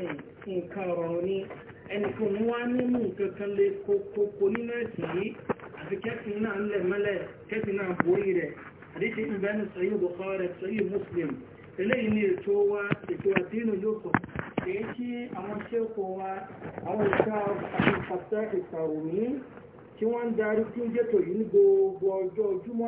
nǹkan ni ẹnìkan mú wá mímú koko nínú ẹ̀sìn yìí àti kẹ́sìn náà ń lẹ̀ mọ́lẹ̀ kẹ́sìn náà borí rẹ̀ àdíṣe ìbẹ́nu sọ́yí Bukhari sọ́yí Muslim eléyìí ni ètò wa ètò àdínú yóò kọ̀ èyí tí àwọn ṣẹ́kọ̀ wa àwọn ìṣá ìṣàrùmí tí wọ́n ń darí tí ń ní gbogbo ọjọ́ gbogbo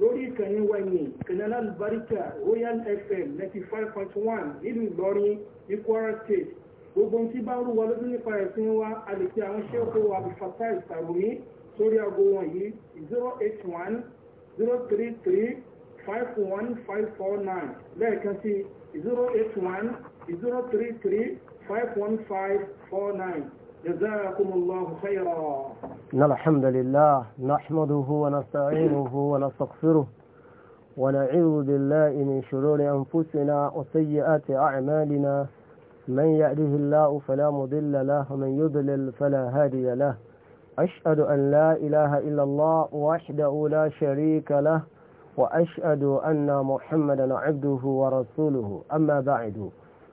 lórí ìkànnì wẹ̀yìn kanada Barika, royal fm ninety five point one nílùú ìlọrin ní kwara state gbogbo ohun tí bá ń rú wa lójú nípa ẹ̀sìn wa a lè pe àwọn ṣẹ́kọ̀ọ́ abdulfatai sàrùmí sórí aago wọ̀nyí zero eight one zero three three five one five four nine lẹ́ẹ̀kan sí zero eight one zero three three five one five four nine. جزاكم الله خيرا إن الحمد لله نحمده ونستعينه ونستغفره ونعوذ بالله من شرور أنفسنا وسيئات أعمالنا من يأله الله فلا مضل له ومن يضلل فلا هادي له أشهد أن لا إله إلا الله وحده لا شريك له وأشهد أن محمدا عبده ورسوله أما بعد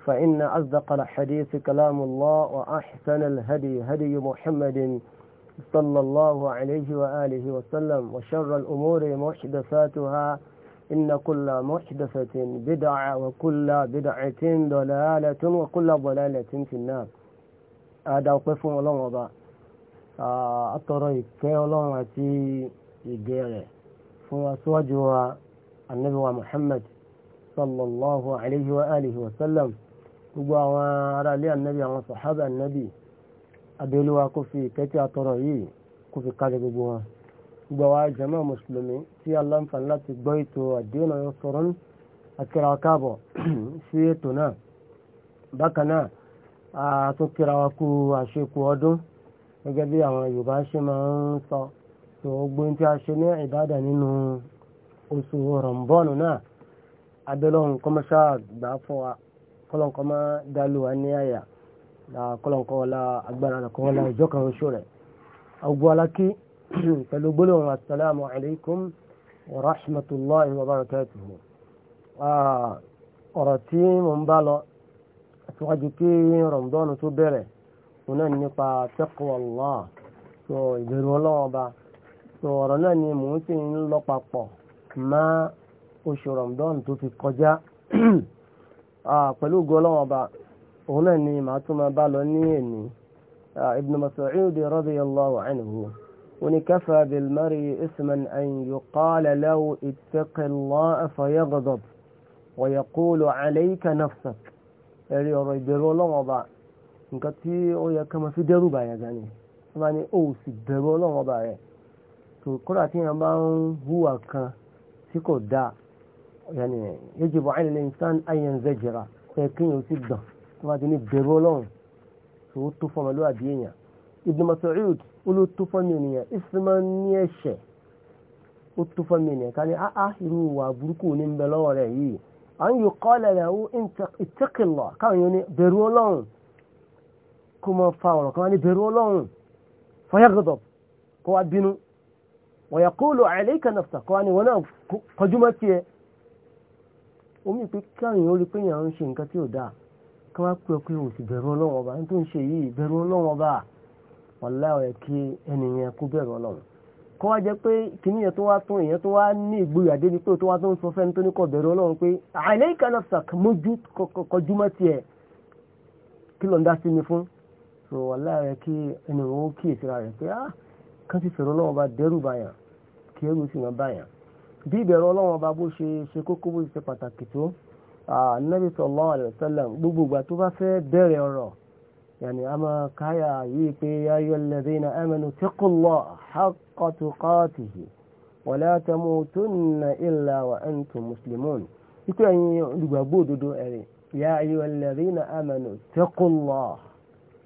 فإن أصدق الحديث كلام الله وأحسن الهدي هدي محمد صلى الله عليه وآله وسلم وشر الأمور محدثاتها إن كل محدثة بدعة وكل بدعة ضلالة وكل ضلالة في النار هذا وقف الله وضع أطريك في الله أتي إجيره فأسواجها النبي محمد صلى الله عليه وآله وسلم gbogbo àwọn ará ilé ànábì àwọn sàhábà ànábì adéolúwa kò fi ìkẹ́tì àtọ̀rọ̀ yìí kò fi kárí gbogbo wọn gbogbo àwọn jàmáà mùsùlùmí tí aláǹfààní láti gbọ́ ètò àdéhùn ọ̀yọ́ sọ̀rọ̀ akẹ́rọ káàbọ̀ sí ètò náà bákan náà àtún kíra wa kú àṣekù ọdún gẹ́gẹ́ bí àwọn yorùbá ṣe máa ń sọ tó gbóyún tí a ṣe ní ìbàdàn nínú oṣù rọ̀mbọ́ọ̀nù náà abẹ́lọ́hùn kọ́mọ́ṣáà gbà fún wa kọ́lọ́nkọ́ máa dálò wá ní àyà kọ́lọ́nkọ́ ọlá agbára rẹ̀ kọ́lọ́nà ìjọ kan oṣù rẹ̀ ọgbó alákí pẹ̀lú gbólóhùn assalamu alaikum wa rahmatullahi wa barakatuhu ọ̀rọ̀ tí mo ń bá lọ síwájú kí rọ̀mdọ́nù tó bẹ̀rẹ̀ òun nípa taqwallah so ìbẹ̀rù ọlọ́wọ́ ọba so ọ̀rọ̀ náà ni mò ń sì ń lọ papọ̀ mọ́ oṣù pẹ̀lú ògùn ọlọ́wọ́n ọba òun náà ni màá tún máa bá lọ ní èní ibn Mas'ud radiyallahu anhu wọn ni kafa bil mar'i isman an yuqala lahu ittaqillaha fayaghdab wa yaqulu alayka nafsak ẹ̀rí ọ̀rọ̀ ìbẹ̀rù ọlọ́wọ́n ọba nǹkan tí ó yẹ ká máa fi dẹ́rù bàyà gan wọ́n bá ní ó sì bẹ̀rù ọlọ́wọ́n ọba rẹ̀ tó kódà tí yẹnì yéjì bọ̀ àìlè nǹkan ayé ń zẹ́jìra ẹ kéèyàn ó sì gbọ̀n tó bá ti ní bẹ̀rù ọlọ́run tó tó fún ọmọlúwàbí èèyàn Ibn Mas'ud ó ló tó fún mi nìyẹn ìfúnmọ́ ní ẹ̀ṣẹ̀ ó tó fún mi nìyẹn ká ní áá irú ìwà burúkú ní ń bẹ lọ́wọ́ rẹ̀ yìí à ń yọ kọ́lẹ̀ fa ọ̀rọ̀ kan ní wa yaqulu alayka nafsaka kó wá ní wọn omi pé káyìn ó rí pé èèyàn ń ṣe nǹkan tí ò dáa kí wọ́n á pè ọ́ pé òsì bẹ̀rù ọlọ́run ọba ní tó ń ṣe yìí bẹ̀rù ọlọ́run ọba wàlá ọ̀yẹ́ kí ẹnìyẹn kó bẹ̀rù ọlọ́run kọ́ wá jẹ́ pé kìíní yẹn tó wá tún èèyàn tó wá ní ìgboyà débi pé tó wá tó ń sọ fẹ́ni tó ní kó bẹ̀rù ọlọ́run pé àìlẹ́ ìkànnàfsàk mójú kọjúmọ́ tiẹ̀ kí ló ń dá sí mi fún so wàlá ọ̀yẹ́ kí ẹnìyẹn ó kíyèsára rẹ̀ pé ah kan ti fẹ̀rù ọlọ́run ọba dẹ́rù báyà kí ẹrù sì máa báyà bí ìbẹ̀rù ọlọ́run ọba bó ṣe ṣe kókó bó ṣe pàtàkì tó Ànábì sallallahu alaihi wasallam gbogbo ìgbà tó bá fẹ́ bẹ̀rẹ̀ ọ̀rọ̀ yàní a máa káyà yìí pé ya ayyuhal ladhina amanu ittaqullaha haqqa tuqatihi wa la tamutunna illa wa antum muslimun ikú ẹ̀yin olùgbàgbọ́ òdodo ẹ̀rẹ̀ ya ayyuhal ladhina amanu ittaqullaha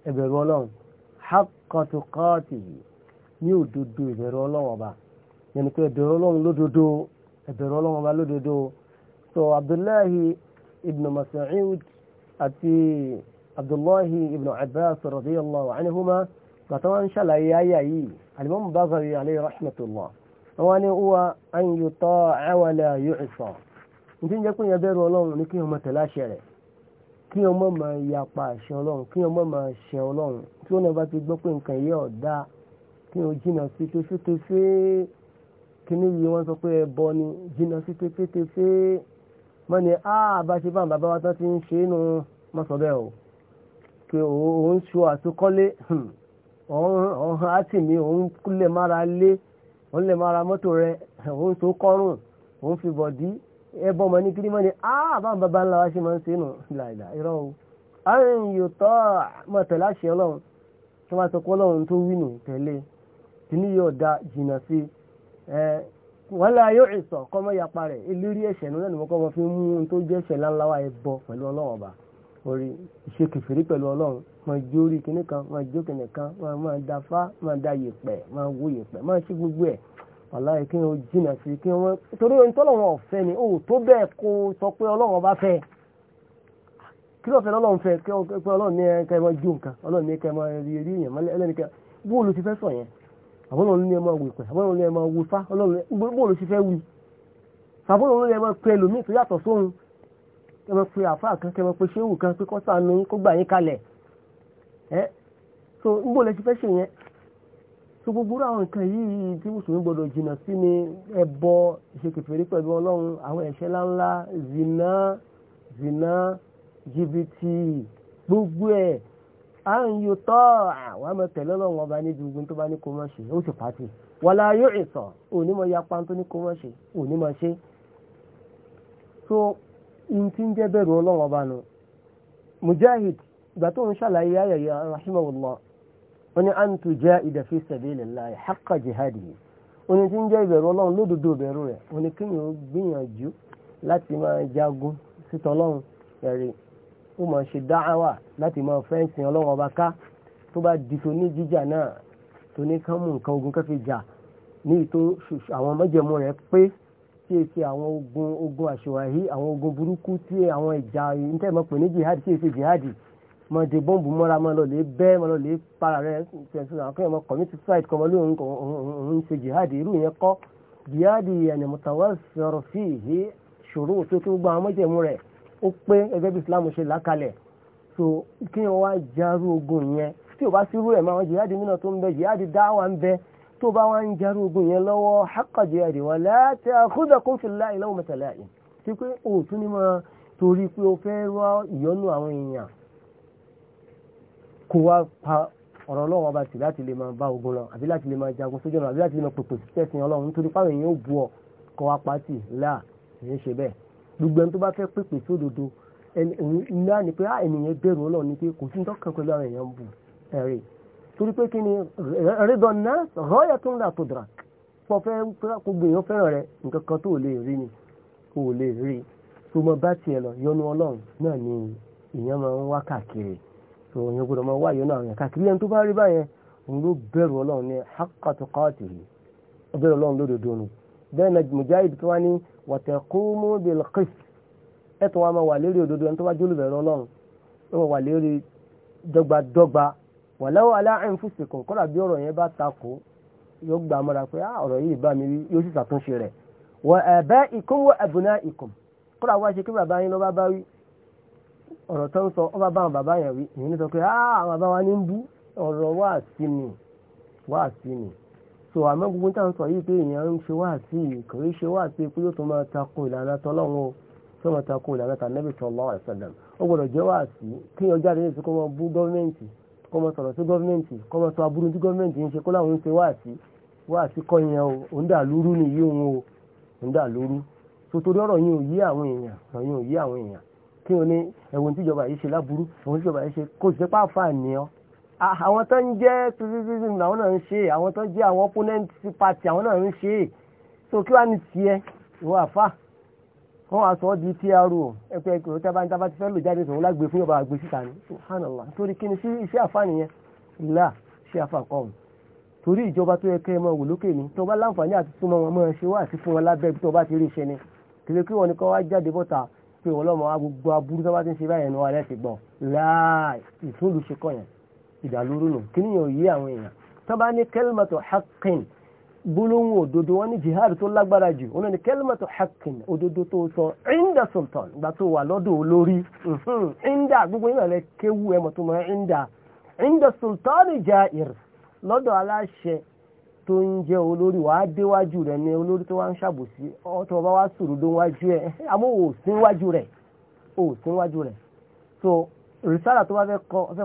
ìbẹ̀rù ọlọ́run ọlọ́run ọba ẹ̀bẹ̀rù ọlọ́run bá lódodo so abdullahi ibn mas'ud àti abdullahi ibn abbas radiyallahu anhuma gbàtà wọn ṣàlàyé ayé yìí alimami Baghawi alayhi rahmatullah wọn ni huwa an yuta'a wa la yu'sa nítí ń jẹ́ pé ìyẹn bẹ̀rù ọlọ́run ní kí ọmọ tẹ̀lé àṣẹ rẹ̀ kí ọmọ máa yapa àṣẹ ọlọ́run kí ọmọ máa ṣẹ ọlọ́run tí wọn bá ti gbọ́ pé nǹkan yìí ọ̀dá kí wọn jìnnà sí tẹ́fẹ́tẹ́fẹ́ kíní yìí wọ́n sọ pé ẹbọ ni jìnnà sí pépétéfé wọ́n ní àbáṣe ah, bá bàbá wa tán ti ń ṣe é nu mọ́sọ̀bẹ́ o pé hmm. òun ṣo àtúkọ́lé ọ̀hún àti mi òun lè mára lé òun lè mára mọ́tò rẹ òun tó kọ́rùn òun fi bọ̀dí ẹbọ mọ́ ní kíní mọ́ ní àbá ah, bàbá ńlá wa ṣe máa ń ṣe é nu ìlàìlà irọ́ o àrùn yóò tọ́ mọ̀tẹ̀lá ṣe ọlọ́run tí wọ́n sọ pé ọlọ́run tó wí nù tẹ̀lé kíní yóò da jìnnà sí i wọ́n láyé ìsọ̀ kọ́mọ́ yapa rẹ̀ ìlérí ẹ̀ṣẹ̀ nínú ẹ̀nìmọ́ kọ́mọ́ fi mú un tó jẹ́ ẹ̀ṣẹ̀ láńláwá ẹbọ pẹ̀lú ọlọ́run ọba orí ìṣe kẹfìrí pẹ̀lú ọlọ́run máa jó orí kìnnì kan máa jó kìnnì kan máa da fá máa da yèpẹ̀ máa wó yèpẹ̀ máa ṣe gbogbo ẹ̀ wàláyé kí wọ́n jìnà sí kí wọ́n torí ohun tọ́lọ́run ọ̀fẹ́ ni ó tó bẹ́ẹ̀ kó sọ pé ọlọ́run ọba fẹ́ kí ló àbọ́lọ́run ní ẹ máa wèpẹ̀ àbọ́lọ́run ní ẹ máa wefá ọlọ́run bó ló ṣe fẹ́ wí àbọ́lọ́run ní ẹ máa pẹ́ lòmíì tó yàtọ̀ sóhun kẹ máa pe àfáà kan kẹ máa pe ṣéwù kan pé kọ́sà nu kó gbà yín kalẹ̀ ẹ́ so bó lè ṣe fẹ́ ṣe yẹn so gbogbo àwọn nǹkan yìí tí mùsùlùmí gbọdọ̀ jìnnà sí ni ẹbọ ìṣèkèfèrè pẹ̀lú ọlọ́run àwọn ẹ̀ṣẹ̀ ńláńlá zina zina jìbìtì gbogbo ẹ̀ à ń yọ tọ́ àwọn ọmọ tẹ̀lé ọlọ́run ọba níbi ogun tó bá ní kó mọ̀ ṣe ó sì pàtì wàlá yóò ìsọ̀ òní mọ̀ yapa tó ní kó mọ̀ ṣe òní ṣe. so n ti ń jẹ́ bẹ̀rù ọlọ́run ọba nu mujahid ìgbà tó ń ṣàlàyé ayẹyẹ rahimahullah wọ́n ní an tujahida fi sabilillahi haqqa jihadihi oní tí ń jẹ́ ìbẹ̀rù ọlọ́run lódodo ìbẹ̀rù rẹ̀ oní kíyàn gbìyànjú ó máa ṣe dáhàwà láti máa fẹ́ sin ọlọ́run ọba ká tó bá di tó ní jíjà náà tó ní kán mú nǹkan ogun kẹfì jà ní ìtò àwọn mọ́jẹ̀mú rẹ̀ pé tí èsì àwọn ogun ogun àṣewàhí àwọn ogun burúkú tí àwọn ìjà ìtẹ́mọ̀ pè ní jihad tí èsì jihad mọ̀ dé bọ́ǹbù mọ́ra mọ́ lọ lè bẹ́ mọ́ lọ lè para rẹ̀ kẹ́yìn mọ́ commit suicide kọ́ mọ́ lóun òun ṣe jihad irú yẹn kọ́ jihad yẹn mutawassir fihi shurut tó tó gbọ́ àwọn mọ́jẹ̀mú rẹ̀ ó pé ẹgbẹ́ bí islam ṣe làkàlẹ̀ so kí wọ́n wá jarú ogun yẹn tí o bá sí irú ẹ̀ máa wọ́n jihadi mìíràn tó ń bẹ jihadi dáwà ń bẹ tó bá wá ń jarú ogun yẹn lọ́wọ́ haqqa jihadi wala ta'khudhukum fillahi lawmata la'im tí pé o tún ní máa torí pé o fẹ́ rọ ìyọnu àwọn èèyàn kó wá pa ọ̀rọ̀ ọlọ́run ọba tì láti lè máa bá ogun lọ àbí láti lè máa jagun sójú ọ̀nà àbí láti lè máa pèpè sí tẹ̀sìn ọlọ́run nítorí pàwọn èèyàn ò bu ọ kọ́ wá pátì láà kì í ṣe bẹ́ẹ̀ gbogbo ẹni tó bá fẹ́ pèpè sódodo ńlá ni pé ah, ènìyàn bẹ̀rù ọlọ́run ni pé kò sí dọ́kàn pẹ̀lú àwọn èèyàn bù ẹ̀rì torí pé kí ni rẹ́dọ̀n náà tó ń là tó dra pọ̀ fẹ́ gbogbo èèyàn fẹ́ràn rẹ nǹkan kan tó lè rí ni kò lè rí tó mọ bá tiẹ̀ lọ yọnu ọlọ́run náà ni èèyàn máa ń wá káàkiri tó èèyàn gbọdọ̀ máa wá yọnu àwọn bẹ́ẹ̀ na mujahid tó wá ní wàtẹ̀kùmù bilqis ẹ̀ tó wá máa wà lérí òdodo ẹni tó bá jólù bẹ̀rẹ̀ ọlọ́run ẹ̀ wà lérí dọ́gbadọ́gba wàláwọ̀ aláàrin fúsìkùn kọ́dà bí ọ̀rọ̀ yẹn bá takò yóò gbà mọ́ra pé ọ̀rọ̀ yìí bá mi rí yóò sì ṣàtúnṣe rẹ̀ wọ ẹ̀bẹ́ ikún wọ ẹ̀bùnà ikùn kọ́dà wá ṣe kí bàbá yín lọ́ba bá wí ọ̀rọ̀ tó ń sọ ọba bá àwọn bàbá yẹn wí ìyẹn ní sọ pé àwọn bàbá wa ní ń bú ọ̀rọ̀ wá sí ni wá sí ni so àmọ́ gbogbo tá à ń sọ yìí pé èèyàn ń ṣe wáàsí kò í ṣe wáàsí pé yóò tó máa tako ìlànà tọ́lọ́run o tí wọ́n máa tako ìlànà tànẹ́bì sallallahu alaihi wasallam ó gbọ́dọ̀ jẹ́ wáàsí kí wọ́n jáde níbi kó máa bú gọ́ọ̀mẹ̀ntì kó máa sọ̀rọ̀ sí gọ́ọ̀mẹ̀ntì kó máa sọ aburú tí gọ́ọ̀mẹ̀ntì ń ṣe kó láwọn ń ṣe wáàsí wáàsí kọ́ yẹn o òun dà lúrú o dà lúrú Ah, àwọn tó ń jẹ́ criticism làwọn náà ń ṣe àwọn tó ń jẹ́ àwọn opponent party àwọn náà ń ṣe so kí wàá ní tiẹ̀ ìwọ àfa wọn wàá sọ ọ́ di pro ẹgbẹ́ ìkòrò tí a bá ń tábà ti fẹ́ lò jáde sọ̀rọ̀ lágbè fún yọba àgbè síta ni subhanallah torí kí ni sí iṣẹ́ àfa nìyẹn ìlà iṣẹ́ àfa kọ́ ọ̀hún torí ìjọba tó yẹ kẹ́ ẹ máa wò lókè ni tó bá láǹfààní àti súnmọ́ wọn máa ṣe wá àti fún wọn lábẹ́ tó bá ti rí iṣẹ́ ni kìlẹ̀ kí wọn ni kọ́ wá jáde bọ́ta pé wọn lọ́mọ wa gbogbo aburú tó bá ti ń ṣe báyẹn ni wọn alẹ́ ti gbọ́ láì ìtúndùṣe yẹn ìdàlúrú nù kí níyàn yí àwọn èèyàn tó bá ní kẹlmọ̀tò haqqin gbólóhùn òdodo wọn ní jihad tó lágbára jù wọn ní kẹlmọ̀tò haqqin òdodo tó sọ inda sultan ìgbà tó wà lọ́dọ̀ olórí inda gbogbo yìí rẹ̀ kéwu ẹ̀mọ̀ tó mọ̀ inda inda sultan jair lọ́dọ̀ aláṣẹ tó ń jẹ́ olórí wàá déwájú rẹ̀ ní olórí tó wá ń ṣàbòsí ọ̀tọ̀ bá wá sòròdó wájú ẹ̀ àmọ́ òsínwájú rẹ̀ òsínwájú rẹ̀ so rìsára tó bá fẹ́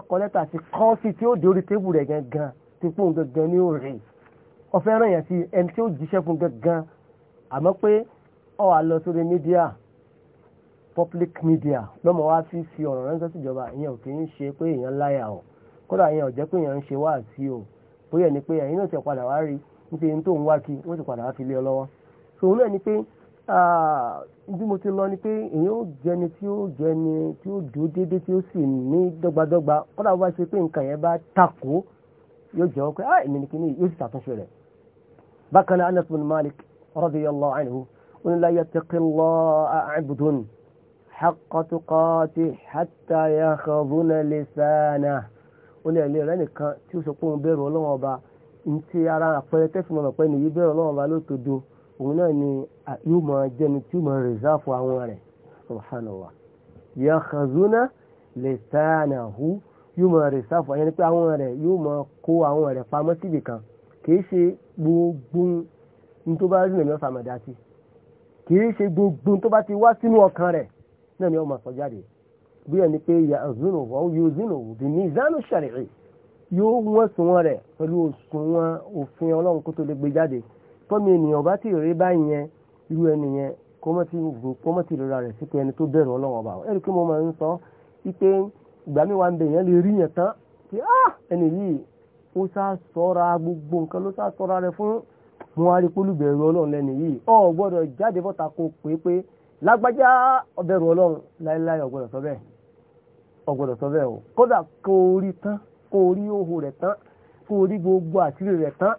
kọ lẹ́tà sí kọ́ sí tí ó dé orí tébù rẹ̀ gangan tí pòun gangan ní òrè ọfẹ́ ràn yàn sí ẹni tí ó jíṣẹ́ fún gangan àmọ́ pé ọ wà lọ sórí mídíà public media lọ́mọ wá fi fi ọ̀rọ̀ ránṣẹ́ síjọba ìyẹn ò kì í ṣe pé èèyàn láyà o kódà ìyẹn ò jẹ́ pé èèyàn ń ṣe wáàsí o bóyá ni pé ẹ̀yin náà ti padà wá rí nítorí tó ń wá kí wọ́n ti padà wá fi lé ọ lọ́wọ́ sòwúrọ̀ ni pé bí mo ti lọ ni pé èyàn ó jẹni tí ó jẹni tí ó dúró déédéé tí ó sì ní dọ́gbadọ́gba kódà bó bá ṣe pé nǹkan yẹn bá takò yóò jẹ́ pé ah èmi nìkan yóò sì ṣàtúnṣe rẹ̀ bákan náà Anas bin Malik radiyallahu anhu ó ní la yattaqillaha abdun haqqa tuqatihi hatta yakhudhuna lisanahu ó ní ẹ̀lẹ́ nìkan tí ó sọ pé òun bẹ̀rù Ọlọ́run ọba ní ti ara àpẹẹrẹ tẹ́sán ọ̀pẹ òun náà ni yóò máa jẹni tí ó máa rìsáàfù àwọn rẹ̀ subhanallah yakhazuna lisanahu yóò máa rìsáàfù àyẹ̀ni pé àwọn rẹ̀ yóò máa kó àwọn rẹ̀ pamọ́ síbì kan kìí ṣe gbogbo ní tó bá rí lèmi fàmàdà sí kìí ṣe gbogbo tó bá ti wá sínú ọkàn rẹ̀ náà ni ó máa sọ jáde bí ẹni pé yazunu wọ́n yóò zinu wò bí mizanu shar'i yóò wọ́n sùn wọn rẹ̀ pẹ̀lú òṣùwọ̀n òfin ọlọ́run kó tó lè gbé jáde tọ́mí ènìyàn bá ti rí báyìí yẹn irú ẹni yẹn kó mọ́ ti wò kó mọ́ ti rora rẹ̀ sí ẹni tó bẹ̀rù ọlọ́wọ́ bá ẹ̀rí kí mo máa ń sọ wípé ìgbà mi wà ń lè rí yẹn tán pé ah ẹni yìí ó sá sọ́ra gbogbo nǹkan ló sá sọ́ra fún mo wá rí ọlọ́run lẹ́ni yìí ọ gbọ́dọ̀ jáde bọ́ta kó pé pé lágbájá ọbẹ̀rù ọlọ́run láéláé ọgbọ́dọ̀ sọ bẹ́ẹ̀ ọgbọ́dọ̀ sọ bẹ́ẹ̀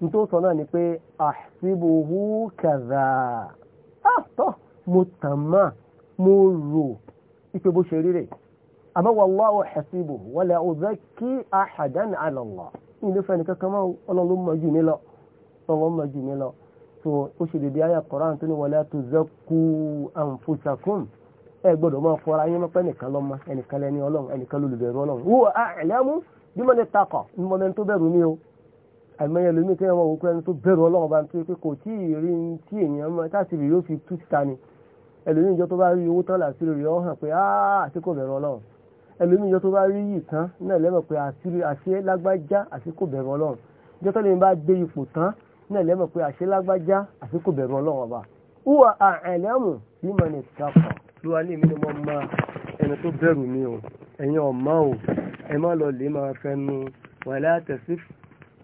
ní tó sọ náà ni pé àṣìbòhú kàdà àtọ́ mo tàmà mo rò ipe bó ṣe rírè àmọ́ wallahu hasibuhu wala uzakki ahadan ala Allah ní ilé fẹ́ni kankan máa ọlọ́run mọ̀ jù mí lọ ọlọ́run mọ̀ jù mí lọ tó ó ṣe dèdè ayé Qur'an tó ní wala tuzakku anfusakum ẹ gbọ́dọ̀ máa àmọ́yẹ lómi tí wọ́n wọ́n kọ́ ẹni tó bẹ̀rù ọlọ́run bá pé kò tí ì tí èèyàn mọ́ táàtì rí yóò fi tú síta ni ẹlòmí ìjọ tó bá rí owó tán làásìrì rẹ̀ ọ́ hàn pé àti kò bẹ̀rù ọlọ́run ẹlòmí ìjọ tó bá rí yìí tán náà lẹ́mọ̀ pé àṣírí àṣẹ lágbájá àti kò bẹ̀rù ọlọ́run ìjọ tó lèmi bá dé ipò tán náà lẹ́mọ̀ pé àṣẹ lágbájá àti kò bẹ̀rù ọlọ́run ọba wúwa àìlẹ́mù bí mo ní ìtakọ̀ ló wà ní èmi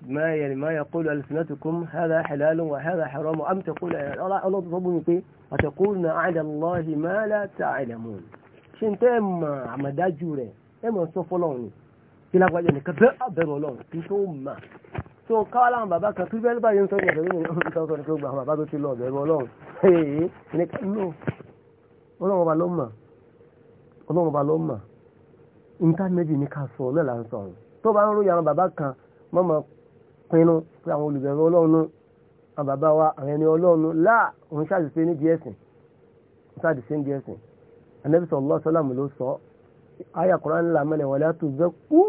ما يعني ما يقول ألسنتكم هذا حلال وهذا حرام أم تقول الله تطبون فيه وتقول على الله ما لا تعلمون ṣe tẹ́ ẹ̀ mọ̀ àmọ̀dájú rẹ̀ ẹ̀ mọ̀ sọ fọlọ́run ni kí lágbájá nìkan bẹ́ẹ̀ àbẹ̀rù ọlọ́run kí tó mà tó káwá láwọn bàbá kan tó bẹ́ẹ̀ báyìí ń sọ ìyàtọ̀ nínú ìtàn sọ ní pé àwọn bàbá tó ti lọ ọ̀bẹ̀rù ọlọ́run ẹ̀ẹ́ nìkan nù ọlọ́run ọba ló mà ọlọ́run ọba ló mà níta méjì ní ká sọ náà là ń sọ ọ̀run tó bá ń ròyìn pinnu pé àwọn olùbẹ̀rù ọlọ́run àwọn bàbá wa àwọn ẹni ọlọ́run láà òun ṣàdìsí ní díẹ̀ sìn ṣàdìsí ní díẹ̀ sìn anabi sallallahu alaihi wasallam ló sọ àyà Kùránì ńlá mẹ́lẹ̀ wala tuzakku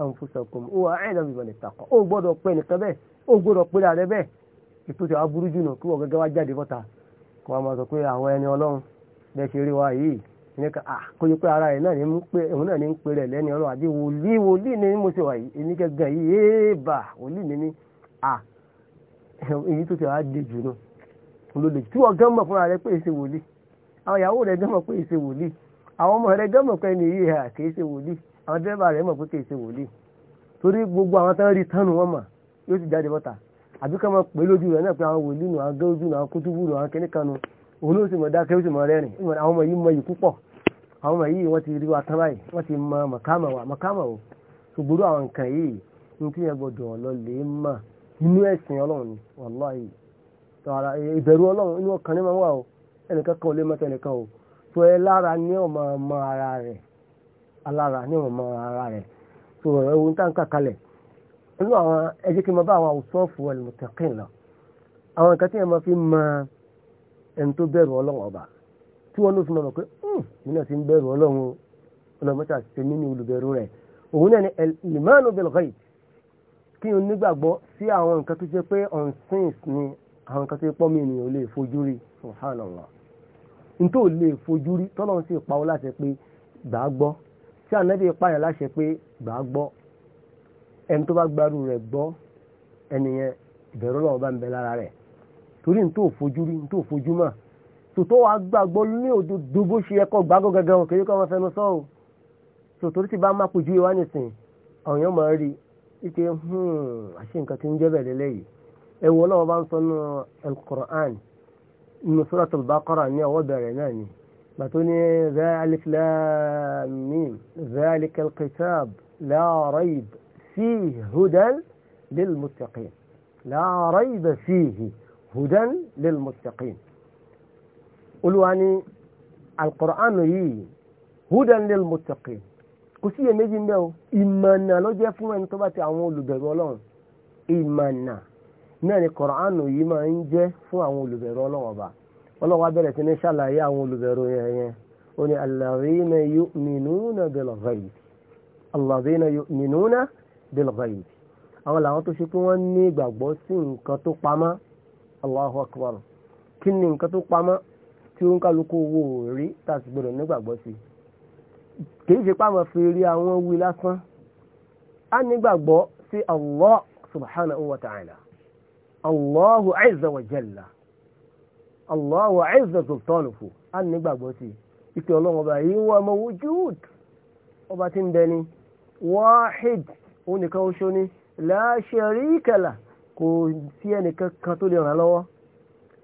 anfusakum ó wà ẹ̀dá bíbọn lè takọ̀ ó gbọ́dọ̀ pé nìkan bẹ́ẹ̀ ó gbọ́dọ̀ pé rẹ̀ bẹ́ẹ̀ ètò ìtàwá burú jù nù kí wọ́n gẹ́gẹ́ wá jáde bọ́ta kí wọ́n máa sọ pé àwọn ẹni ọlọ́run bẹ́ẹ̀ ṣe rí wa yìí ìyẹn kan ah, à kó pé ara ẹ̀ náà ní ń pè òun náà ní ń pé rẹ̀ lẹ́ni ọ̀rọ̀ àbí wòlíì wòlíì ni mo ṣe wà yìí èmi gẹ́gẹ́ yìí yéé bà wòlíì ni mí à ah, èyí tó ti wá dé jù nù ló tí wọ́n fúnra rẹ̀ pé èsè wòlíì àwọn àwọn ọmọ rẹ̀ pé ẹni yìí hà ah, àwọn dẹ́rẹ́bà rẹ̀ mọ̀ pé kì í ṣe àwọn tán rí wọn òun ló sì mọ̀ dákẹ́ ó sì mọ̀ rẹ́rìn àwọn ọmọ yìí mọ yìí púpọ̀ àwọn ọmọ yìí wọ́n ti rí wa tán báyìí wọ́n ti mọ màkàmà wa màkàmà o ṣùgbọ́n àwọn nǹkan yìí ní kí yẹn gbọdọ̀ lọlé mà inú ẹ̀sìn ọlọ́run ni wàláhì tọ́ra ìbẹ̀rù ọlọ́run inú ọkàn ní máa wà o ẹnìkan kan ò lè mọ́tẹ́ ẹnìkan o tó ẹ lára ní ọmọ ọmọ ara rẹ̀ alára ní ọmọ ara rẹ̀ tó ẹ̀wọ̀n tá ń kà inú àwọn ẹjẹ́ kí n máa bá àwọn àwùsọ́ọ̀fù ẹlòmọ̀tẹ́kìn lọ àwọn nǹkan tí yẹn máa fi máa ẹni tó bẹ̀rù ọlọ́run ọba tí wọ́n ló fi mọ̀ pé hmm, nínú ti ń bẹ̀rù ọlọ́run ọlọ́mọta ṣe mí ní olùbẹ̀rù rẹ̀ òun náà ni ìmánu bilghaib kí n nígbàgbọ́ sí àwọn nǹkan tó jẹ́ pé unsins ni àwọn nǹkan tó pọ́ mi ènìyàn lè fojú rí subhanallah n tó lè fojú rí tọ́lọ́run sì pa ọ́ láṣẹ pé gbà á gbọ́ tí ànábì pààyàn láṣẹ pé gbà á gbọ́ ẹni tó bá gbárù rẹ̀ gbọ́ ẹnìyẹn ìbẹ̀rù ọlọ́run bá ń bẹ lára rẹ̀ torí n tó fojú rí n tó fojú mà tòtó wàá gbàgbọ́ ní òdodo bó ṣe ẹkọ gbàgbọ́ gẹ́gẹ́ wọn kéde kọ́ wọn fẹnu sọ́ọ̀ tòtó tí bá má pojú ìwà nìsín àwọn èèyàn máa rí i pé hmm, àṣé nǹkan ti ń jẹ́ bẹ̀rẹ̀ lẹ́yìn ẹ̀wọ̀n náà bá ń sọ nínú al-Qur'an nínú Suratul Baqara ní ọwọ́ bẹ̀rẹ̀ náà ni bàtó ní zaalif laamim hudan lil muttaqin olúwa ní alqur'an yìí hudan lil muttaqin kò sí iye méjì mbẹ́ o ìmọ̀nà ló jẹ́ fún ẹni tó bá ti àwọn olùbẹ̀rù ọlọ́run ìmọ̀nà náà ni qur'an yìí máa ń jẹ́ fún àwọn olùbẹ̀rù ọlọ́run ọba ọlọ́run abẹ́rẹ́ sí ní ṣàlàyé àwọn olùbẹ̀rù yẹn yẹn ó ní alladhina yu'minuna bil ghaib alladhina yu'minuna bil ghaib àwọn làwọn tó ṣe pé wọ́n ní ìgbàgbọ́ sí nǹkan tó pamọ́ Allahu Akbar kí ni nǹkan tó pamọ́ tí ó ń kálukú owó rí tàbí gbọdọ̀ si sí kì í ṣe pàmò fi rí àwọn wí lásán á nígbàgbọ́ sí Allah subhanahu wa ta'ala Allahu azza wa jalla Allahu azza sultanuhu á nígbàgbọ́ si ìpè ọlọ́run ọba yìí wà mawjud ọba tí ń bẹ ni wahid òun nìkan oṣó ni la sharika lahu. kò sí ẹnìkan kan tó lè ràn lọ́wọ́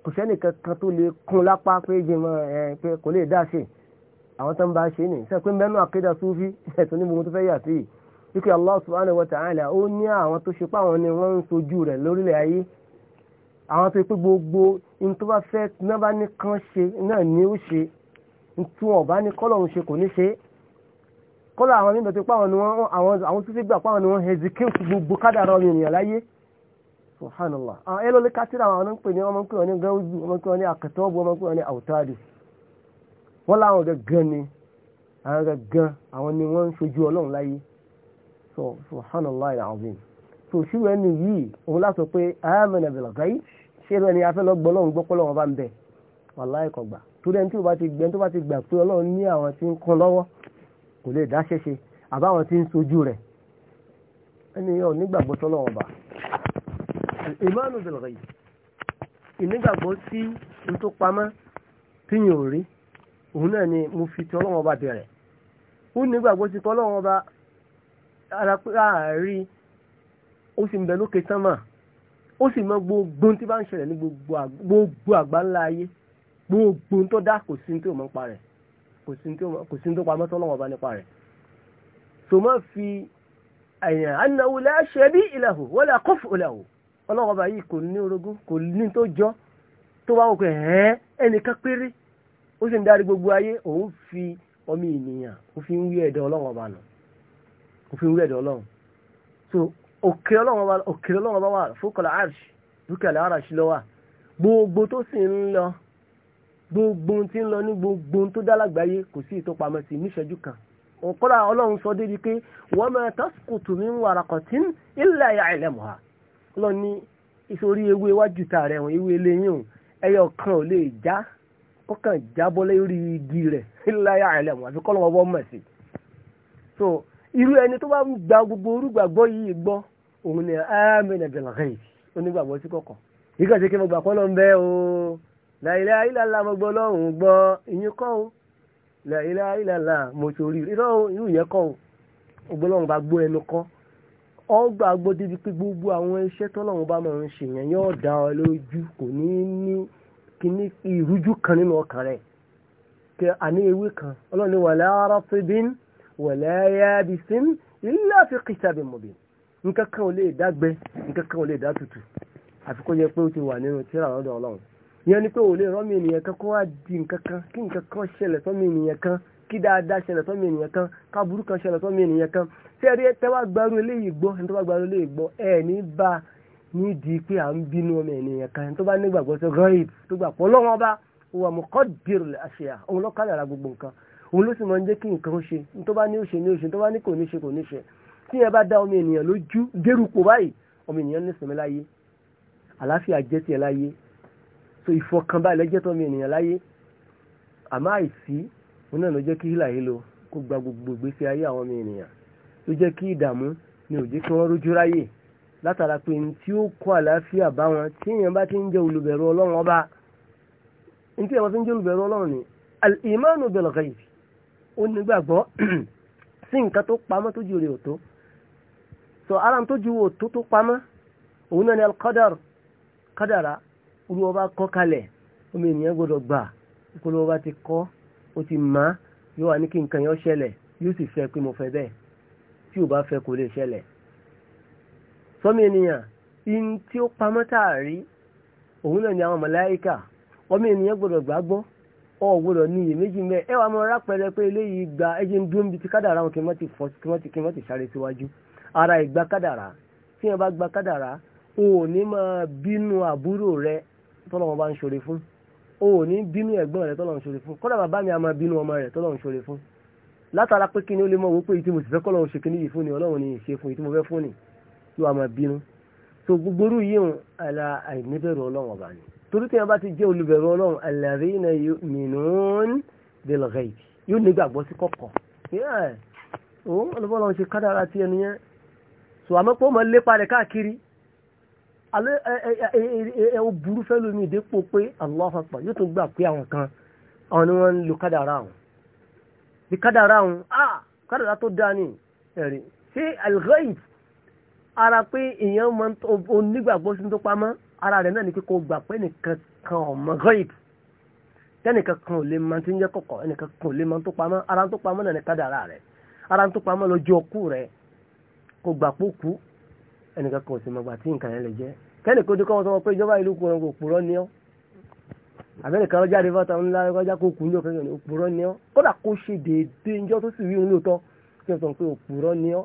kò sí ẹnìkan kan tó lè kún lápá pé jìmọ̀ ẹ̀ pé kò lè dá ṣe àwọn tó ń bá ṣe ní sẹ́kùn mẹ́nu àkídà súfí ẹ̀tọ́ ní gbogbo tó fẹ́ yà sí yìí wípé Allah subhanahu wa ta'ala ó ní àwọn tó ṣe pé ni wọ́n ń sojú rẹ̀ lórílẹ̀ ayé àwọn tó pé gbogbo ní tó bá fẹ́ náà bá ní kán ṣe náà ní ó ṣe tí wọn bá ní kọ́lọ̀ ń ṣe kò ní ṣe kọ́lọ̀ àwọn níbẹ̀ tó ni ni wọ́n subhanallah àwọn ah, ẹlò lè kásìrà àwọn ọmọ pè ní ọmọ pè ní gáúzù ọmọ pè ní àkàtọ́ọ̀bù ọmọ pè ní àwùtáàdì wọ́n láwọn gangan ni àwọn gangan àwọn ni wọ́n ń ṣojú ọlọ́run láyé so subhanallah alazim so ṣírò ẹni yìí òun láti sọ pé amana bil ghaib ṣírò ẹni afẹ́ lọ gbọ́ ọlọ́run gbọ́pọ́ lọ́wọ́ bá ń bẹ wàláì kò gbà torí bá ti gbẹ tó bá ti gbà pé ọlọ́run ní àwọn tí ń kún lọ́wọ́ kò lè dá ṣẹ́ṣe àbáwọn tí ń ṣojú rẹ̀ ẹni yóò nígbàgbọ́ sọ́lọ́run ọba ìmánu bẹ̀rẹ̀ yìí ìnígbàgbọ́ sí n tó pamọ́ tí yìí ò rí òun náà ni mo fi ti ọlọ́wọ́n ọba bẹ̀rẹ̀ ó nígbàgbọ́ sí ti ọlọ́wọ́n ọba ara pé àárí ó sì ń bẹ lókè sánmà ó sì mọ gbogbo tí bá ń ṣẹlẹ̀ ní gbogbo àgbá ńlá ayé gbogbo tó dá kò sí tó mọ̀ nípa rẹ̀ kò sí tó pamọ́ tọ́lọ́wọ́n ọba nípa rẹ̀ so fi àyàn anáwó láṣẹ bí ìlàhù wọ́n lè kọ́fù ìlàhù ọlọ́run ọba yìí kò ní orogún kò ní tó jọ tó wá òkè ẹ̀ẹ́n ẹnìkan péré ó sì ń darí gbogbo ayé òun fi ọmọ ènìyàn ó fi ń wí ẹ̀dọ̀ ọlọ́run ọba nù ó fi ń wí ẹ̀dọ̀ ọlọ́run so òkè ọlọ́run ọba òkè ọlọ́run ọba wà fókàlà arsh dúkàlà arsh lọ́wà gbogbo tó sì ń lọ gbogbo tí ń lọ ní gbogbo tó dá lágbàáyé kò sí ìtọ́pamọ́ sí níṣẹ́jú kan òkúra ọlọ́run sọ débi pé wọ́n máa tasqutu min waraqatin illa ya'lamuha lọ ní ìsorí ewé iwájú ta rẹ̀ wọ̀n ewé eléyìn o ẹyọ kan ò lè já kọ́kàn jábọ́ lórí igi rẹ̀ láyà àìlẹ̀ wọn àfi kọ́lọ́ ọwọ́ mọ̀ sí. so irú ẹni tó bá gba gbogbo orúgbàgbọ́ yìí gbọ́ òun ni amina bilghayb onígbàgbọ́ sí kọ̀kọ̀ yìí kàn ṣe kí mo gbà kọ́lọ́ ń bẹ́ o làìlà ìlàlà mo gbọ́ lọ́hùn gbọ́ ìyín kọ́ o làìlà ìlàlà mo torí irú yẹn kọ́ o ògbọ́lọ́hùn bá gbọ́ ẹnu kọ́ ọ gbàgbọ́ débi pé gbogbo àwọn iṣẹ́ tọ́lọ́run bá máa ń ṣe yẹn yóò dá ọ lójú kò ní ní kíní ìrújú kan nínú ọkàn rẹ̀ kí àní ewé kan ọlọ́run ní wàlẹ́ aráfẹ́bín wàlẹ́ yábísín ilé àfikìtà bẹ̀ mọ̀bí nǹkan kan ò lè dágbẹ́ nǹkan kan ò lè dá tutù àfi kó yẹ pé ó ti wà nínú tíra lọ́dọ̀ ọlọ́run yẹn ni pé ò lè rọ́mì ènìyàn kan kó wá di nǹkan kan kí nǹkan kan ṣẹlẹ̀ sọ́mì ènìyàn kan kí dáadáa ṣẹlẹ̀ sọ́mi ènìyàn kan káburú kan ṣẹlẹ̀ sọ́mi ènìyàn kan sẹ́rí tẹ́wá gbarú eléyìí gbọ́ ẹni tó bá gbarú eléyìí gbọ́ ẹ ní bá nídìí pé à ń bínú ọmọ ènìyàn kan tó bá nígbàgbọ́ sọ rọ́ìb tó gbà pọ̀ lọ́wọ́ bá wà mọ́ kọ́ dìrò àṣeyà òun lọ́ kádàrà gbogbo nǹkan òun ló sì máa ń jẹ́ kí nǹkan ó ṣe tó bá ní ó ní ó tó bá ní kò ní ṣe kò ní ṣe tí yẹn bá dá ọmọ ènìyàn lójú dérúpọ̀ báyìí ọmọ ènìyàn ní sinmi láyé àlàáfíà jẹ́ tiẹ̀ láyé so ìfọkànbalẹ̀ jẹ́ tọ́mọ ènìyàn láyé àmọ́ àìsí òun náà ló jẹ́ kí hílà lo kó gba gbogbo ìgbésí ayé àwọn ọmọ ènìyàn ló jẹ́ kí ìdààmú ni ò jẹ́ kí wọ́n rójú ráyè látara pé ní tí ó àlàáfíà bá ti ń jẹ́ olùbẹ̀rù ọlọ́run ọba ní tí èèyàn bá ti ń jẹ́ olùbẹ̀rù ọlọ́run ni ó sí nǹkan tó pamọ́ tó ju rè òtó so ara tó ju òtó tó pamọ́ òun náà ni al-qadar kádàrá olúwọba kọ́ kalẹ̀ ọmọ ènìyàn gbọ́dọ̀ gbà ìpolówó ó ti má yóò wá ní kí nǹkan yẹn ó ṣẹlẹ̀ yóò sì fẹ́ pé mo fẹ́ bẹ́ẹ̀ tí ò bá fẹ́ kò lè ṣẹlẹ̀ sọ́mi ènìyàn in tí ó pamọ́ táàrí òun náà ni àwọn màláíkà ọmọ ènìyàn gbọ́dọ̀ gbàgbọ́ ọ gbọ́dọ̀ ní iyèméjì mẹ́ ẹ wà mọ́ rápẹrẹ pé eléyìí gba ẹjẹ́ ń dúró níbi tí kádàrá wọn kí wọ́n ti fọ́ kí ti kí ti sáré síwájú ara ìgbà kádàrá tí wọ́n bá gba kádàrá òun ò ní máa bínú àbúrò rẹ tọ́lọ́wọ́n bá ń ṣòre fún o ò ní bínú ẹ̀gbọ́n rẹ̀ tọ́lọ̀ ń ṣoore fún kọ́dà bàbá mi a máa bínú ọmọ rẹ̀ tọ́lọ̀ ń ṣoore fún látara pé kí ni ó lè mọ̀ wó pé ìtí mo sì kọ́lọ̀ ń ṣe kíní yìí fún ni ọlọ́run ni ìṣe fún ìtí fẹ́ fún ni yóò a máa bínú so gbogbo irú yìí ń ala àìníbẹ̀rù ọlọ́run ọba ni torí tí wọn bá ti jẹ́ olùbẹ̀rù ọlọ́run alladhina yu'minun bil ghaib yóò nígbàgbọ́ sí kọ̀kọ̀ òun oh, ọlọ́run ṣe so àmọ́ pé ó máa alẹ́ ẹ ó burú fẹ́ lómi ìdépò pé Allahu Akbar yóò tún gbà pé àwọn kan àwọn ni wọ́n ń lo kádàrá àwọn bí kádàrá àwọn ah kádàrá tó dáa ni ẹ̀rí ṣé al-ghaib ara pé èèyàn máa ń tó onígbàgbọ́ sí tó pamọ́ ara rẹ̀ náà ni pé kò gbà pé ẹnìkan kan ọmọ ghaib tẹ́nìkan kan ò lè máa ti ń jẹ́ kọ̀kọ̀ ẹnìkan kan ò lè máa tó pamọ́ ara tó pamọ́ náà ni kádàrá rẹ̀ ara tó pamọ́ lọ́jọ́ ọkú rẹ̀ kò gbà pé ó kú ẹnìkan kò sì mọ̀gbà tí nǹkan yẹn lè jẹ́ kẹ́ni kó dúkọ́ wọn sọ pé ìjọba ìlú kùnrin kò purọ́ ní ọ́ àbẹ́nìkan ọjà rẹ fọ́ta ńlá ọjà kó kùn jọ kẹ́kẹ́ òpùrọ́ ní ọ́ kódà kó ṣe déédé ńjọ́ tó sì rí òun lóòótọ́ kí wọ́n sọ pé òpùrọ́ ní ọ́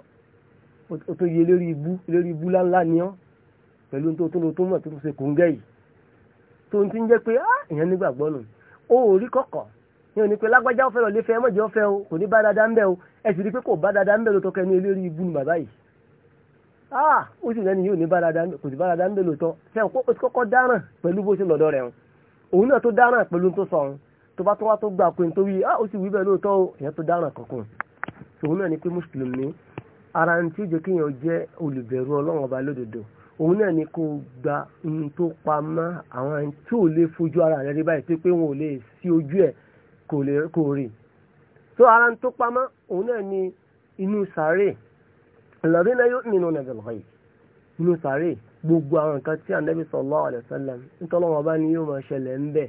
ó tó yẹ lórí ibú lórí ibú láńlá ní ọ́ pẹ̀lú tó tó lo tó mọ̀ tó ṣe kò ń gẹ̀ yìí tó ń ti ń jẹ́ pé á èèyàn nígbàgbọ́ nù ó rí kọ̀kọ̀ ní òní pé lágbájá ọ̀fẹ́ lọ́lẹ́fẹ́ mọ̀jẹ́ ọ̀fẹ́ o kò ní bá dáadáa ń bẹ̀ o ẹ sì rí pé kò bá dáadáa ń bẹ̀ lóòótọ́ kẹ́ ní eléré ibú ni bàbá yìí ah ó sì lẹ́ni yóò ní báradà kò sí báradà ń bè lóòótọ́ ṣe ń kọ́kọ́ dáràn pẹ̀lú bó ṣe lọ́dọ̀ rẹ̀ hàn òun náà tó dáràn pẹ̀lú tó sọ ọ̀hún tó bá tó wá tó gbà pé nítorí ah ó sì wí bẹ́ẹ̀ lóòótọ́ ìyẹn tó dáràn kankan òun náà ni pé mùsùlùmí ara ń tí ó jẹ́ kéèyàn jẹ́ olùbẹ̀rù ọlọ́run ọba lódodo òun náà ni kó gba ohun tó pamọ́ àwọn ẹni tí ò lè fojú ara rẹ̀ rí báyìí pé wọn ò lè sí ojú ẹ̀ kò rí so ara ń tó pamọ́ òun náà ni inú sàárè الذين يؤمنون بالغيب ghaib nínú sàárè gbogbo àwọn nǹkan tí ànábì sallallahu alaihi wasallam nítorí wọn bá ní yóò máa ṣẹlẹ̀ ń bẹ̀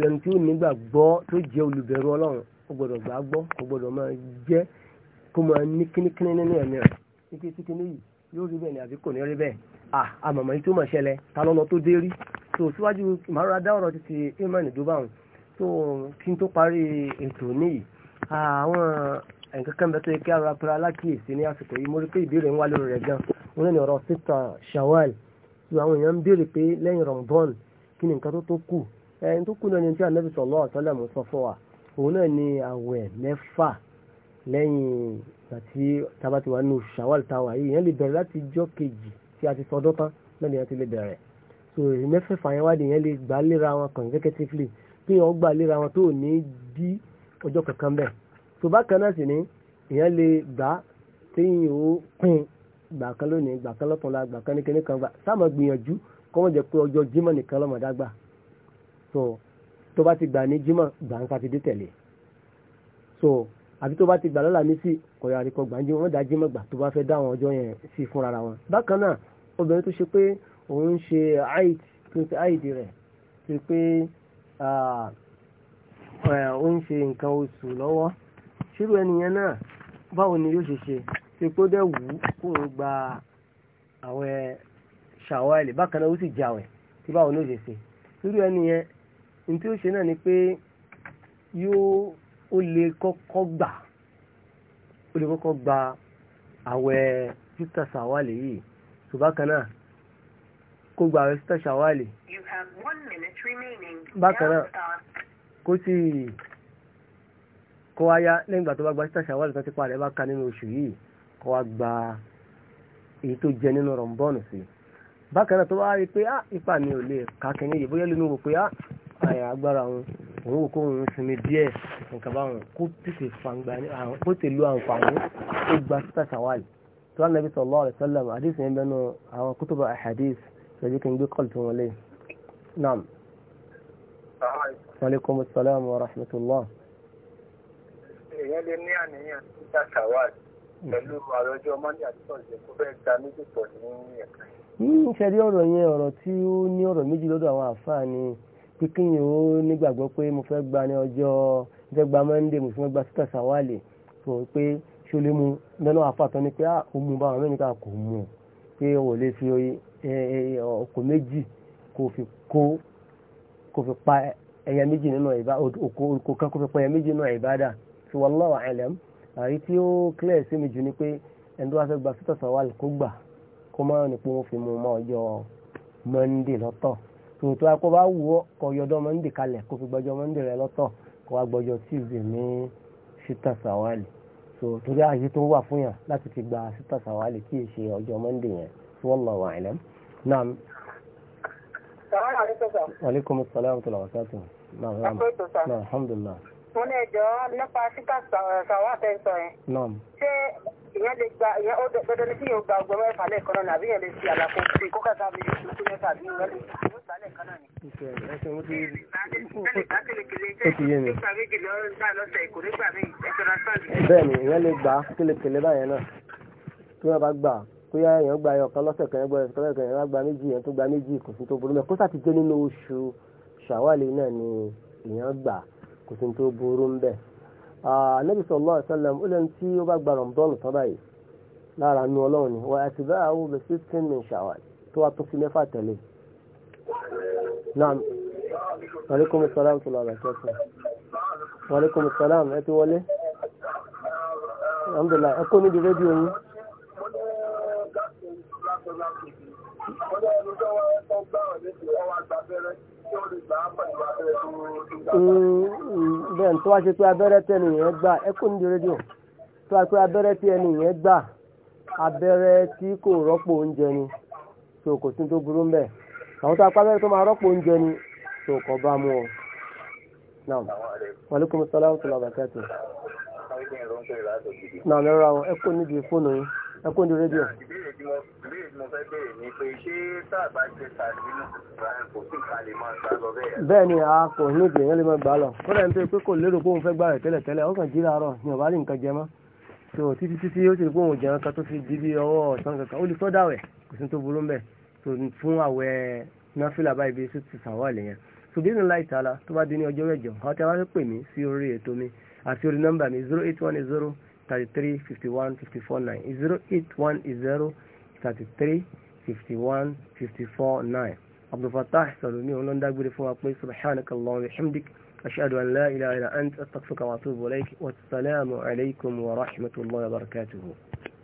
lẹ́nu tí ó nígbà gbọ́ tó jẹ́ olùbẹ̀rù ọlọ́run ó gbọ́dọ̀ gbà gbọ́ ó gbọ́dọ̀ máa jẹ́ kó máa ní kínníkínní nínú ẹ̀mí rẹ̀ ike tí kinní yìí yóò rí bẹ́ẹ̀ ni àbí kò ní rí bẹ́ẹ̀ à àmọ̀mọ́ yìí tó máa ṣẹlẹ̀ ta lọ́nà tó dé rí tó síwájú màrúra dá ọ̀rọ̀ ti ti imani dubahun tó kí n tó parí ètò níyì àwọn ẹnìkankan bẹ́ẹ̀ tó yẹ kí ara pẹ̀lú alákìyèsí ní àsìkò yìí mo rí pé ìbéèrè ń wá lórí rẹ̀ gan wọn ní ọ̀rọ̀ sítà shawal tí àwọn èèyàn ń béèrè pé lẹ́yìn rọ̀ǹdọ́n kí ni nǹkan tó tó kù ẹni tó kù náà ni tí anabi sallallahu alaihi wasallam sọ fún wa òun náà ni àwẹ̀ mẹ́fà lẹ́yìn àti tabatiwa nù shawal táwa yìí yẹn lè bẹ̀rẹ̀ láti jọ́ kejì tí a ti sọdọ́ tán lẹ́nu yẹn ti lè bẹ̀rẹ̀ so mẹ́fẹ̀ẹ̀fà yẹn wá nìyẹn lè gbà léra wọn consecutively kí wọ́n gbà léra wọn tó ní bí ọjọ́ kankan bẹ́ẹ̀ tó bákan náà sì ni èèyàn lè gbà téyìn ó pin gbà kan lónìí gbà kan lọ́tọ̀ọ̀la gbà kan nìkan nìkan gbà sáàmù gbìyànjú kọ́ jẹ́ pé ọjọ́ jímọ̀ nìkan lọ́mọdá gbà so tó bá ti gbà ní jímọ̀ gbà ń sátidé tẹ̀lé so àbí tó bá ti gbà lọ́la ní sí kọ̀yà àríkọ̀ gbàǹjẹ́ wọn dá jímọ̀ gbà tó bá fẹ́ dáwọn ọjọ́ yẹn sí fúnra wọn bákan náà obìnrin tó ṣe pé òun ṣe àìd rẹ̀ ṣe pé òun ṣe nǹkan oṣù lọ́wọ́ ṣírò ẹnìyẹn náà báwo ni yóò ṣe ṣe ṣe pé ó dẹ̀ wù ú kó ń gba àwẹ̀ ṣàwálì bákan náà ó sì jàwẹ̀ tí báwo ni ó ṣe ṣe ṣírò ẹnìyẹn ní tí ó ṣe náà ni pé yóò ó lè kọ́kọ́ gbà ó lè kọ́kọ́ gba àwẹ̀ títà ṣàwálì yìí tó bákan náà kó gba àwẹ̀ títà ṣàwálì bákan náà kó sì kó wá yá lẹ́yìn ìgbà tó bá gba títà ṣàwálì tó ti pa rẹ̀ bá ka nínú oṣù yìí kó wá gba èyí tó jẹ nínú rọ̀mbọ́ọ̀nù sí bákan náà tó bá rí pé ah, ipa mi ò lè ka kẹ́ni yìí bóyá lónìí wò pé ah, àyà agbára òun òun wò kó òun sinmi díẹ̀ nǹkan bá wọn kó tètè fàǹgbà kó tè lu àǹfààní tó gba títà ṣàwálì tó wà nàbí sallallahu alaihi wasallam àdéhùn yẹn bẹnu àwọn kútùbà àhàdíìs ṣèjú kí n gbé kọ́ọ̀lù tó wọlé. naam. wa wa rahmatullah èèyàn lè ní àníyàn títà ṣàwárí pẹ̀lú àròjọ mọ́ndé àti tọ́sídẹ̀ kó fẹ́ da méjì pọ̀ sí ní ẹ̀ka. yíyí hmm, ṣe rí ọ̀rọ̀ yẹn ọ̀rọ̀ tí ó ní ọ̀rọ̀ méjì lọ́dọ̀ àwọn àfáà ni pé kíyìn ó nígbàgbọ́ pé mo fẹ́ gba ní ọjọ́ fẹ́ gba mọ́ndé mo fẹ́ gba títà ṣàwárí sọ pé ṣó lè mu lọ́nà àfáà tán ni pé a ah, ò mú báwọn mẹ́rin ká kò mú un pé ò lè fi ọkọ̀ méjì kò fi kó kò fi pa ẹ̀yà méjì nínú ìbá so wallahu alam àyí tí ó clear sí mi jù ni pé ẹni tó wá fẹ́ gba sítọ̀ sọ̀wá kó gbà kó má ní pé wọ́n fi mú ọmọ ọjọ́ monday lọ́tọ̀ tòótọ́ akó bá wù ọ́ kọ yọdọ́ monday kalẹ̀ kó fi gbọ́jọ́ monday rẹ lọ́tọ̀ kó wá gbọ́jọ́ tuesday ní sítọ̀ sọ̀wá lè so torí àyè tó wà fún yàn láti ti gba sítọ̀ sọ̀wá lè kí èṣe ọjọ́ monday yẹn so wallahu alam naam. Wa alaikum salaam wa rahmatullahi wa barakatuh mo ní ẹjọ́ nípa síkà sàwà tẹ́ ń sọ yẹn. ṣé ìyẹn lè gba ìyẹn ó dandan ní kí yóò gba ọgbọ́n mẹ́fà lẹ́ẹ̀kan náà àbí ìyẹn lè ṣe àlàfo sí kó kàkà mi lè ṣe mẹ́fà àbí ìyẹn lè ṣe yóò gbà lẹ́ẹ̀kan náà ni. bẹ́ẹ̀ni ìyẹn lè gbà kélekèlé báyẹn náà tí wọ́n bá gbà kóyá èèyàn gba ẹyọ kan lọ́sẹ̀ kan ẹgbẹ́ ẹ̀sìn kan ẹ̀yàn gba méjì ẹ̀yàn tó gba méjì kò sí tó burú mẹ́ kó sàtijọ́ nínú oṣù ṣàwálì náà ni èèyàn gbà kò sí tó burú ń bẹ̀. Ànábì sallallahu alaihi wasallam ó lẹ́nu tí ó bá gba rọ̀mùdọ́nù tán báyìí lára nu ọlọ́run ni wọ́n àti bá àwọn obìnrin sí ten min ṣàwà tó wá tó fi mẹ́fà tẹ̀lé. Naam, wàlékùn tó lọ àbàkẹ́ sọ. Wàlékùn sàlám ẹ ti fẹ́rẹ́. Mm, bẹ́ẹ̀ tó wá ṣe pé abẹ́rẹ́ gbà ẹ ní rédíò tó wá pé abẹ́rẹ́ gbà abẹ́rẹ́ tí kò rọ́pò oúnjẹ ni tó kò sí tó burú mbẹ́ àwọn tó apá abẹ́rẹ́ tó máa rọ́pò oúnjẹ ni tó kọ́ bá mú ọ. naam mo fẹ́ béèrè ni pé ṣé sáàbà ṣe tàbí nínú kò sí ìkàlè máa gbà lọ bẹ́ẹ̀. bẹ́ẹ̀ a kò ní ìdè yẹn lè máa gbà lọ ó dẹ̀ pé pé lérò pé òun fẹ́ gbà rẹ̀ tẹ́lẹ̀ tẹ́lẹ̀ ó kàn jí láàárọ̀ ni ọ̀bá rí nǹkan jẹ mọ́ so títí títí ó sì rí pé òun jẹun kan tó fi di bí ọwọ́ ọ̀sán kankan ó lè tó dàwẹ̀ kò sí tó burú mbẹ̀ so fún àwẹ̀ náfìlà báyìí bí sùtù àti orí nọ́mbà mi zero eight one zero thirty three fifty one fifty four nine zero eight one zero thirty three fifty one fifty four nine abdulfatah salomi olóńdàgbére fún wa pé subhanaka Allah wa hamdik ashhadu an la ilaha illa ant astaghfiruka wa atubu ilayk wa assalamu alaykum wa rahmatullahi wa barakatuhu.